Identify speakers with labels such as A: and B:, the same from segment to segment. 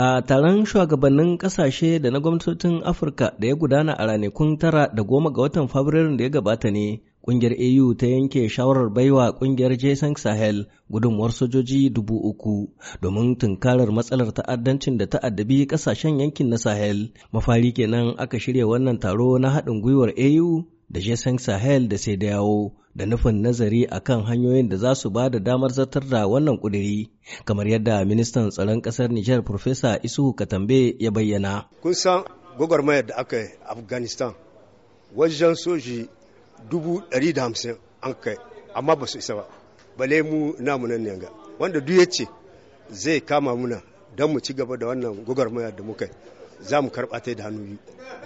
A: A taron shugabannin ƙasashe da na gwamnatocin Afirka da ya gudana a ranakun tara da goma ga watan Fabrairun da ya gabata ne, ƙungiyar AU ta yanke shawarar baiwa ƙungiyar Jason Sahel gudunmuwar sojoji dubu uku domin tunkarar matsalar ta'addancin da ta'addabi ƙasashen yankin na Sahel. Mafari kenan aka shirya wannan taro na haɗin gwiwar AU da Jason Sahel da sai dawo da nufin nazari akan hanyoyin da za su ba da damar zartar da wannan kuduri kamar yadda ministan tsaron ƙasar Nijar Profesa Isuhu Katambe ya bayyana.
B: Kun san gwagwarmayar da aka yi Afghanistan wajen soji dubu ɗari da hamsin an kai amma ba su isa ba bale mu namu nan ne wanda duk yace zai kama muna don mu ci gaba da wannan gwagwarmayar da muka yi za mu karɓa ta da hannu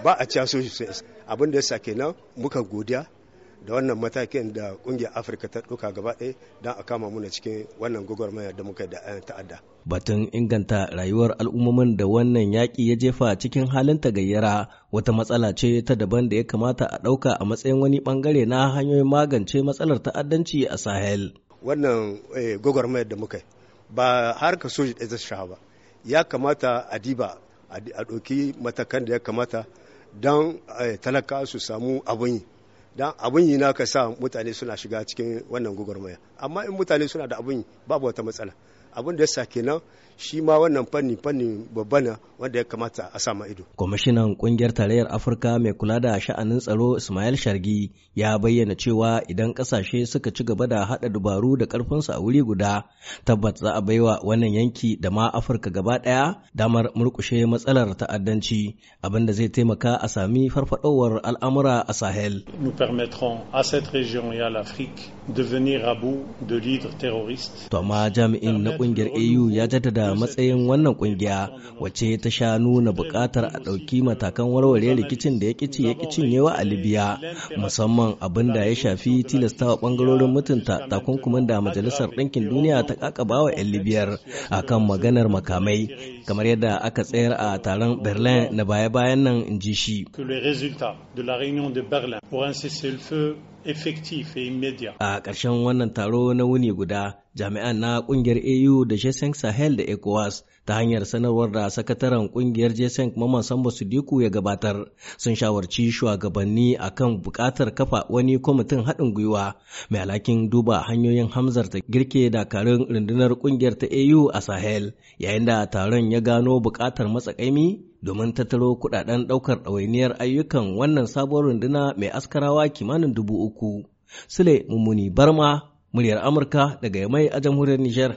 B: ba a ci soji sai isa abin da ya sake kenan muka godiya da wannan matakin da kungiyar afirka ta ɗauka gaba ɗaya don a kama muna cikin wannan gwagwarmaya da muka da ayan ta'adda
A: batun inganta rayuwar al'ummomin da wannan yaƙi ya jefa cikin halin tagayyara wata matsala ce ta daban da ya kamata a ɗauka a matsayin wani bangare na hanyoyin magance matsalar ta'addanci a sahel
B: wannan eh, gwagwarmayar da muka ba har ka soji ɗaya ta ba ya kamata a diba a ɗauki matakan da ya kamata don eh, talaka su samu abin yi don abin yi na ka sa mutane suna shiga cikin wannan gugurmaya amma in mutane suna da abin babu wata matsala abin da ya sa kenan shi ma wannan fanni fanni babba na wanda ya kamata a sama ido.
A: Kwamishinan kungiyar tarayyar Afirka mai kula da sha'anin tsaro Ismail Shargi ya bayyana cewa idan kasashe suka ci gaba da haɗa dubaru da ƙarfinsu a wuri guda tabbat za a baiwa wannan yanki da ma Afirka gaba ɗaya damar murkushe matsalar ta'addanci abinda zai taimaka a sami farfadowar al'amura a Sahel.
B: Nous permettrons à cette région et à l'Afrique de jami'in
A: na kungiyar AU ya jaddada matsayin wannan kungiya wacce ta sha nuna buƙatar a ɗauki matakan warware rikicin da ya ƙici ya a Libya musamman abin da ya shafi tilastawa ɓangarorin mutunta takunkumin da Majalisar Ɗinkin Duniya ta ƙaƙabawa wa 'yan Libyar akan maganar makamai kamar yadda aka tsayar a taron Berlin na baya-bayan nan in ji shi.
B: effectif et immédiat.
A: A ƙarshen wannan taro na wuni guda, jami'an na ƙungiyar AU da Jason Sahel da ECOWAS ta hanyar sanarwar da sakataren ƙungiyar Jason Maman Sambo Sudiku ya gabatar sun shawarci shugabanni kan buƙatar kafa wani kwamitin haɗin gwiwa mai alhakin duba hanyoyin hamzar ta girke dakarun rundunar ƙungiyar ta AU a Sahel yayin da taron ya gano buƙatar matsakaimi domin tattaro kudaden daukar ɗawainiyar ayyukan wannan sabuwar runduna mai askarawa kimanin dubu uku. Sule Mummuni Barma, muryar Amurka daga Yamai a jamhuriyar Nijar.